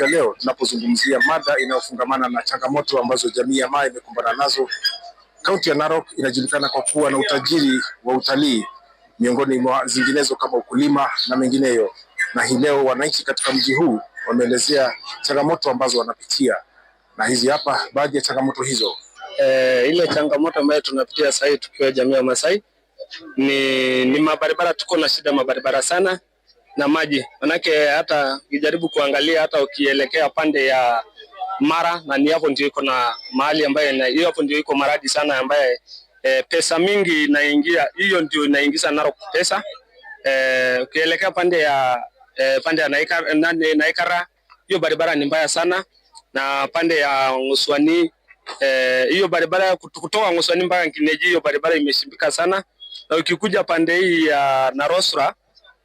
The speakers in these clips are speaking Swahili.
siku ya leo tunapozungumzia mada inayofungamana na changamoto ambazo jamii ya Maa imekumbana nazo. Kaunti ya Narok inajulikana kwa kuwa na utajiri wa utalii miongoni mwa zinginezo kama ukulima na mengineyo, na hii leo wananchi katika mji huu wameelezea changamoto ambazo wanapitia, na hizi hapa baadhi ya changamoto hizo. E, ile changamoto ambayo tunapitia sasa hivi tukiwa jamii ya Masai ni, ni mabarabara. Tuko na shida mabarabara sana na maji, manake hata ukijaribu kuangalia, hata ukielekea pande ya Mara na ni hapo ndio iko na mahali ambayo hiyo, hapo ndio iko maradi sana, ambaye e, pesa mingi inaingia, hiyo ndio inaingiza Narok pesa e, ukielekea pande ya e, pande ya Naikara, na, Naikara hiyo barabara ni mbaya sana, na pande ya Nguswani hiyo e, barabara kutoka Nguswani mpaka Kineji hiyo barabara imeshimbika sana, na ukikuja pande hii ya Narosra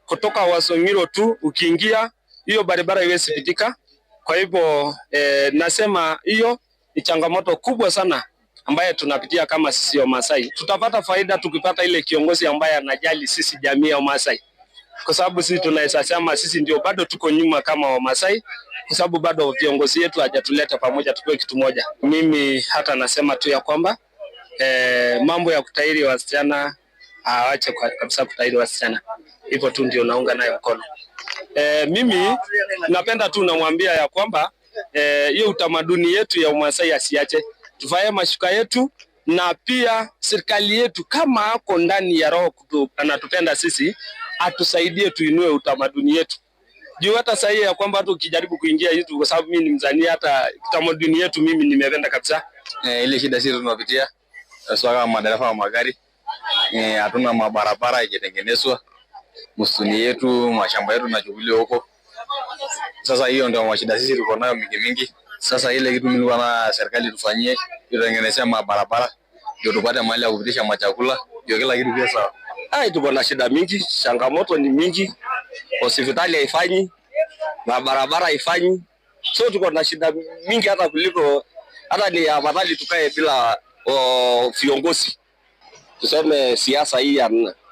kutoka Wasongiro tu ukiingia, hiyo barabara iwezi pitika. Kwa hivyo eh, nasema hiyo ni changamoto kubwa sana ambaye tunapitia kama sisi Wamasai. Tutapata faida tukipata ile kiongozi ambaye anajali sisi jamii ya Wamasai, kwa sababu sisi tunaweza sema sisi ndio bado tuko nyuma kama Wamasai, kwa sababu bado viongozi wetu hajatuleta pamoja tukiwe kitu moja. Mimi hata nasema tu ya kwamba eh, mambo ya kutahiri wasichana aache kabisa kutahiri wasichana hivyo tu ndio naunga naye mkono. E, mimi napenda tu namwambia ya kwamba eh, hiyo e, utamaduni yetu ya Umasai asiache, tuvae mashuka yetu na pia serikali yetu kama ako ndani ya roho kutu, anatupenda sisi, atusaidie tuinue utamaduni yetu juu hata sahihi ya kwamba hata ukijaribu kuingia hitu, kwa sababu mimi ni Mzania, hata utamaduni yetu mimi nimependa kabisa. E, ile shida sisi tunapitia swala madereva wa magari e, hatuna mabarabara ijitengenezwa msituni yetu, mashamba yetu na nachukuliwa huko. Sasa hiyo ndio mashida sisi tuko nayo mingi mingi. Sasa ile kitu mimi na serikali tufanyie, tutengenezea mabarabara ndio tupate mahali ya kupitisha machakula, ndio kila kitu pia sawa. Ai, tuko na shida mingi, changamoto ni mingi, hospitali haifanyi na barabara haifanyi, so tuko na shida mingi hata kuliko hata ni afadhali tukae bila oh, viongozi, tuseme siasa hii ya,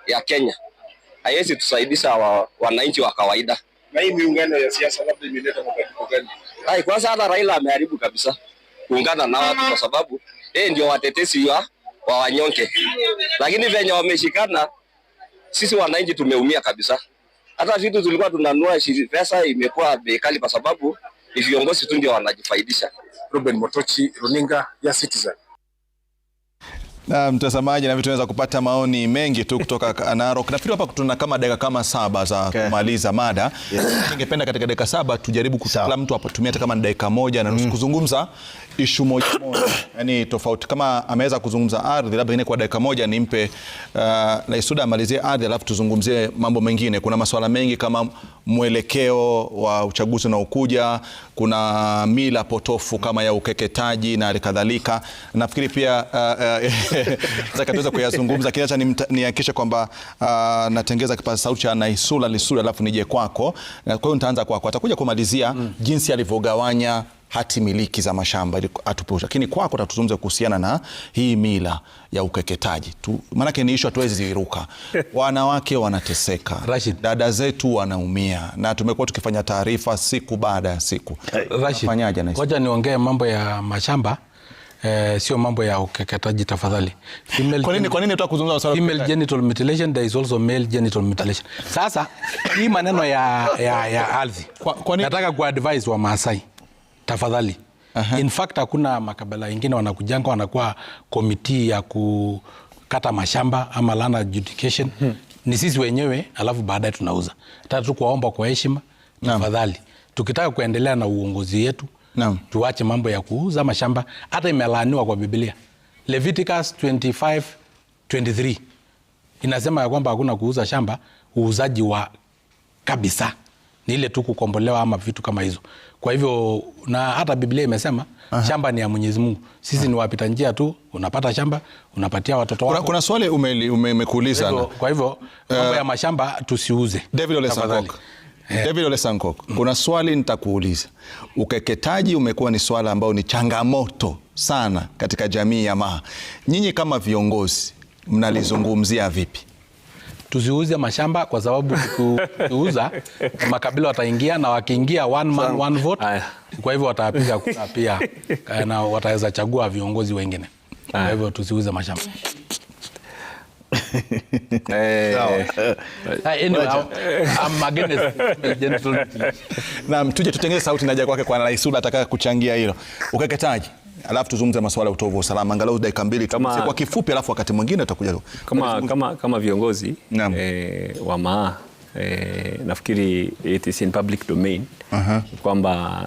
ya Kenya haiwezi tusaidisha wa, wananchi wa kawaida. Na hii miungano ya siasa labda imeleta mabadiliko gani? Hai, kwanza hata Raila ameharibu kabisa kuungana na watu, kwa sababu yeye ndio watetezi wa, wa wanyonge, lakini venye wameshikana, sisi wananchi tumeumia kabisa. Hata vitu tulikuwa tunanua pesa imekuwa bei kali, kwa sababu ni viongozi tu ndio wanajifaidisha. Ruben Motochi, Runinga ya Citizen. Na mtazamaji na vitu tunaweza kupata maoni mengi tu kutoka Narok. Nafikiri hapa tuna kama dakika kama saba za okay, kumaliza mada. Yes. Ningependa katika dakika saba tujaribu kila mtu atumie hata kama dakika moja na nusu mm, kuzungumza ishu moja moja. Yaani tofauti kama ameweza kuzungumza ardhi labda ine kwa dakika moja nimpe uh, na Isuda amalizie ardhi alafu tuzungumzie mambo mengine. Kuna masuala mengi kama mwelekeo wa uchaguzi na ukuja, kuna mila potofu kama ya ukeketaji na alikadhalika. Nafikiri pia uh, uh, Sasa katuweza kuyazungumza, kinacha nihakikishe kwamba uh, natengeza kipaza sauti cha Naisula Lisula alafu nije kwako. Kwa hiyo nitaanza kwako, atakuja kumalizia mm. jinsi alivyogawanya hati miliki za mashamba ili atupe, lakini kwako tatuzungumze kuhusiana na hii mila ya ukeketaji tu, maanake ni ishu hatuwezi ziruka. Wanawake wanateseka Rashid, dada zetu wanaumia na tumekuwa tukifanya taarifa siku baada ya siku. Eh, Fanyaje? Ngoja niongee mambo ya mashamba eh, sio mambo ya ukeketaji tafadhali. Kwa nini kwa nini utakuzungumza sababu female genital mutilation there is also male genital mutilation. Sasa hii maneno ya ya, ya ardhi. Kwa, kwa nini nataka ku wa Maasai tafadhali. Uh-huh. In fact hakuna makabila ingine wanakujanga wanakuwa komiti ya kukata mashamba ama land adjudication. Hmm. Ni sisi wenyewe alafu baadaye tunauza. Nataka tu kuwaomba kwa heshima tafadhali. Tukitaka kuendelea na uongozi yetu Naam. Tuache mambo ya kuuza mashamba, hata imelaaniwa kwa Biblia. Leviticus 25:23 inasema ya kwamba hakuna kuuza shamba, uuzaji wa kabisa ni ile tu kukombolewa ama vitu kama hizo. Kwa hivyo na hata Biblia imesema Aha. shamba ni ya Mwenyezi Mungu, sisi Aha. ni wapita njia tu, unapata shamba unapatia watoto wako. Kuna, swali umekuuliza ume, ume, kwa hivyo mambo uh, ya mashamba tusiuze. David Eh. David Ole Sankok, kuna swali nitakuuliza. Ukeketaji umekuwa ni swala ambayo ni changamoto sana katika jamii ya maa Nyinyi kama viongozi mnalizungumzia vipi? Tusiuze mashamba kwa sababu tukiuza makabila wataingia, na wakiingia one man, one vote. Kwa hivyo watapiga kura pia eh, na wataweza chagua viongozi wengine. Kwa hivyo tusiuze mashamba. Eh. Eh, naam, tuje tutengeze sauti naja kwake kwa Rais ule atakaye kuchangia hilo ukeketaji alafu tuzungumze masuala ya utovu wa usalama angalau dakika mbili kama, kwa kifupi, alafu wakati mwingine utakuja kama, kama, kama viongozi e, wa maa e, nafikiri it is in public domain uh -huh. kwamba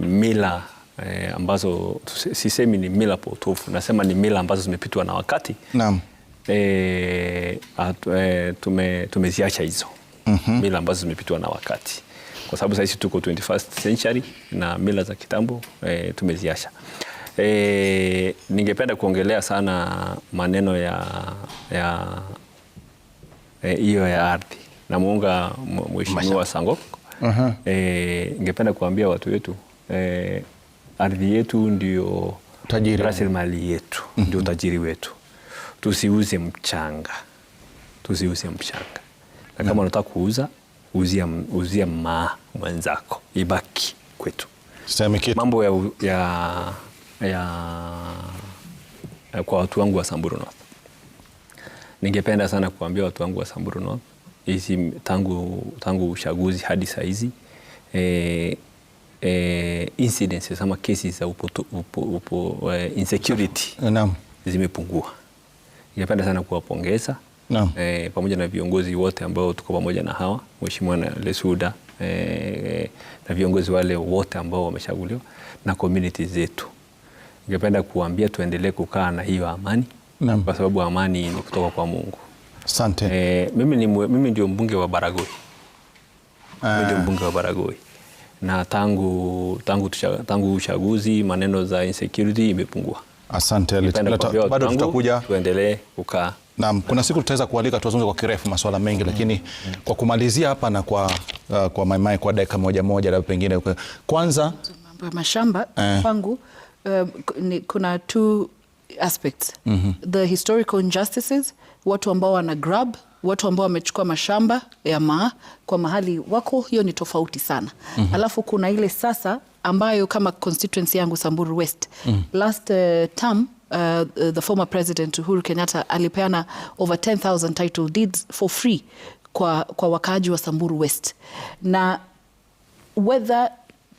mila e, ambazo sisemi ni mila potofu, nasema ni mila ambazo zimepitwa na wakati Naam e, e, tume, tumeziacha hizo mm -hmm. mila ambazo zimepitwa na wakati kwa sababu sahisi tuko 21st century na mila za kitambo e, tumeziacha. E, ningependa kuongelea sana maneno ya ya hiyo e, ya ardhi na muunga mheshimiwa Sango. uh -huh. E, ningependa kuambia watu wetu e, ardhi yetu ndio rasilimali yetu, ndio mhm. utajiri wetu tusiuze mchanga, tusiuze mchanga, na kama mm. unataka kuuza uzia, uzia maa mwenzako, ibaki kwetu. Mambo ya, ya, ya kwa watu wangu wa Samburu North, ningependa sana kuambia watu wangu wa Samburu North hizi tangu, tangu uchaguzi hadi saa hizi e, eh, incidents ama kesi za upo, upo, upo, e, uh, insecurity zimepungua Ningependa sana kuwapongeza no. e, eh, pamoja na viongozi wote ambao tuko pamoja na hawa Mheshimiwa Lesuda e, na viongozi wale wote ambao wamechaguliwa na community zetu. Ningependa kuambia tuendelee kukaa na hiyo amani no. kwa sababu amani ni kutoka kwa Mungu. Asante. E, mimi, ni, mimi ndio mbunge wa Baragoi ah. ndio mbunge wa Baragoi na tangu, tangu, tangu uchaguzi maneno za insecurity imepungua. Asante, bado tutakuja tuendelee kukaa Naam, kuna siku tutaweza kualika tuzungumze kwa kirefu masuala mengi, mm-hmm. lakini mm-hmm. kwa kumalizia hapa na kwa uh, kwa maimai kwa dakika moja moja, labda pengine kwanza mambo ya mashamba eh. kwangu eh, uh, kuna two aspects mm -hmm. the historical injustices, watu ambao wana grab watu ambao wamechukua mashamba ya maa kwa mahali wako, hiyo ni tofauti sana mm -hmm. Alafu kuna ile sasa ambayo kama constituency yangu Samburu West mm. last uh, term Uh, uh the former president Uhuru Kenyatta alipeana over 10,000 title deeds for free kwa, kwa wakaaji wa Samburu West na whether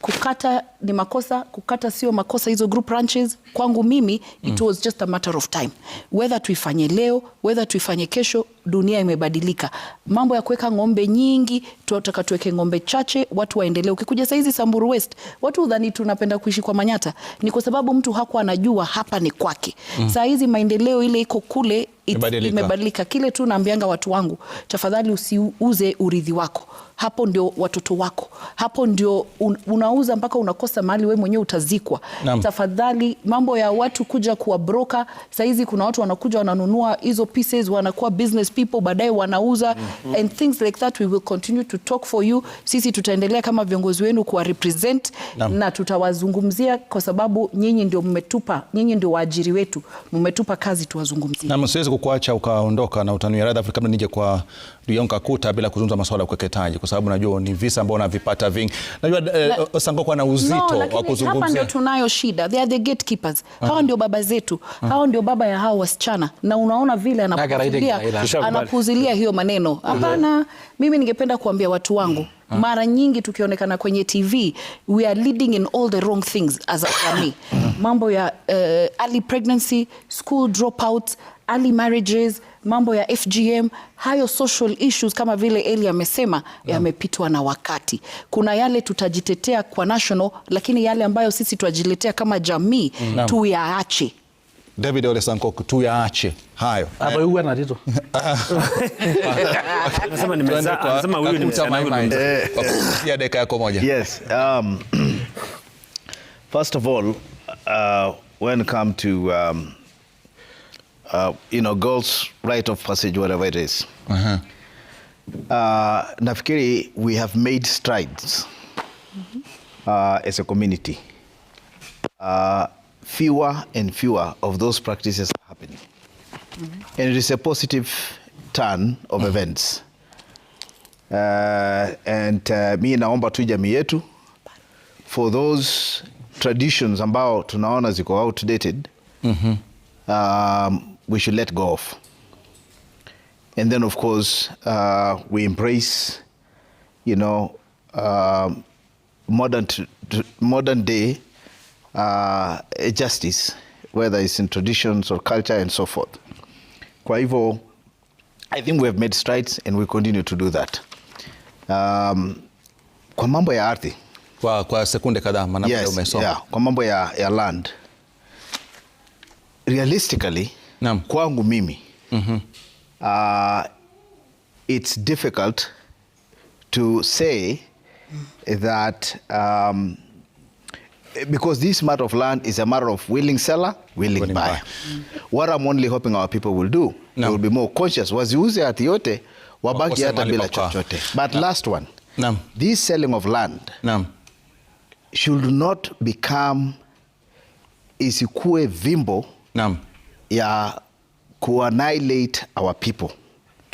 kukata ni makosa, kukata sio makosa. Hizo group ranches kwangu mimi mm. it was just a matter of time, whether tuifanye leo, whether tuifanye kesho. Dunia imebadilika, mambo ya kuweka ng'ombe nyingi, tunataka tuweke ng'ombe chache, watu waendelee. Ukikuja saa hizi Samburu West, watu udhani tunapenda kuishi kwa manyata, ni kwa sababu mtu hakuwa anajua hapa ni kwake. mm. Saa hizi maendeleo ile iko kule imebadilika. Kile tu naambianga watu wangu, tafadhali usiuze urithi wako hapo ndio watoto wako, hapo ndio un, unauza mpaka unakosa mali wewe mwenyewe utazikwa. Tafadhali, mambo ya watu kuja kuwa broker, saizi kuna watu wanakuja wananunua hizo pieces, wanakuwa business people, baadaye wanauza mm -hmm. and things like that. We will continue to talk for you. Sisi tutaendelea kama viongozi wenu kuwa represent Naam. na tutawazungumzia kwa sababu nyinyi ndio mmetupa, nyinyi ndio waajiri wetu, mmetupa kazi tuwazungumzie. Na msiwezi kukuacha ukaondoka na utanuia. Afrika, kabla nije kwa ligonga kuta bila kuzungumza masuala ya ukeketaji, kwa sababu najua ni visa ambao unavipata vingi. Najua eh, eh Sangoko ana uzito no, wa kuzungumzia. Hapa ndio tunayo shida, they are the gatekeepers. Ah. Hao ndio baba zetu, ah. hao ndio baba ya hao wasichana, na unaona vile anapuzilia anapuzilia hiyo maneno. Hapana, mimi ningependa kuambia watu wangu Ha. Ah. Mara nyingi tukionekana kwenye TV we are leading in all the wrong things as a family. Mambo ya uh, early pregnancy, school dropouts, early marriages mambo ya FGM, hayo social issues kama vile Eli amesema yamepitwa na wakati. Kuna yale tutajitetea kwa national, lakini yale ambayo sisi tuajiletea kama jamii mm, tuyaache. David Ole Sankok, tuyaache hayo. Ah, ah, ah. huyu huyu. nimeza, ni Dakika yako moja. Yes, um, first of all, uh, when come to um, uh, you know, girls right of passage whatever it is uh -huh. uh, nafikiri we have made strides mm-hmm. uh, as a community uh, fewer and fewer of those practices are happening mm -hmm. and it is a positive turn of mm -hmm. events uh, and uh, mi naomba tu jamii yetu for those traditions ambao tunaona ziko outdated mm -hmm. um, we should let go of. And then, of course, uh, we embrace, you know, uh, modern, t- modern day uh, justice, whether it's in traditions or culture and so forth. Kwa hivyo, I think we have made strides and we continue to do that. Um, kwa mambo ya ardhi kwa, kwa sekunde kadhaa yes, umesoma yeah, kwa mambo ya, ya land realistically Naam. Kwangu mimi mm -hmm. uh, it's difficult to say that um, because this matter of land is a matter of willing seller, willing, willing buyer. Mm. What I'm only hoping our people will do, no. will be more conscious. Waziuze hati yote, wabaki hata bila chochote. But no. last one, no. this selling of land no. should not become isikue vimbo no ya ku annihilate our people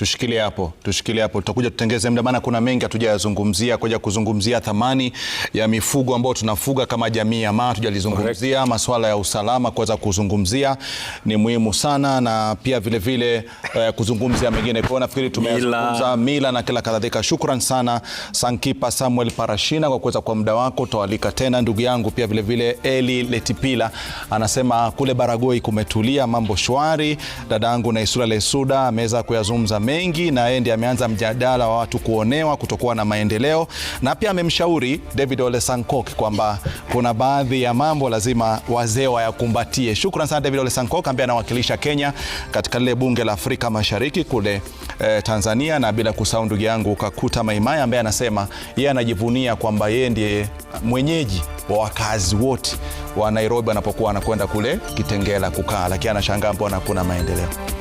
tushikilie hapo, tushikilie hapo, tutakuja tutengeze muda, maana kuna mengi hatujayazungumzia, kuja kuzungumzia thamani ya mifugo ambayo tunafuga kama jamii ya maa, hatujalizungumzia masuala ya usalama, kuweza kuzungumzia ni muhimu sana, na pia vile vile, uh, kuzungumzia mengine. Kwa hiyo nafikiri tumezungumza mila na kila kadhalika. Shukran sana Sankipa Samuel Parashina kwa kuweza kwa muda wako, utawalika tena ndugu yangu. Pia vile vile, Eli Letipila anasema kule Baragoi kumetulia, mambo shwari. Dadangu Naisura Lesuda ameweza kuyazungumza mengi, na yeye ndiye ameanza mjadala wa watu kuonewa, kutokuwa na maendeleo, na pia amemshauri David Ole Sankok kwamba kuna baadhi ya mambo lazima wazee wayakumbatie. Shukrani sana David Ole Sankok ambaye anawakilisha Kenya katika lile bunge la Afrika Mashariki kule eh, Tanzania, na bila kusahau ndugu yangu Kakuta Maimaya ambaye anasema yeye anajivunia kwamba yeye ndiye mwenyeji wa wakazi wote wa Nairobi anapokuwa anakwenda kule Kitengela kukaa, lakini anashangaa mbona kuna maendeleo.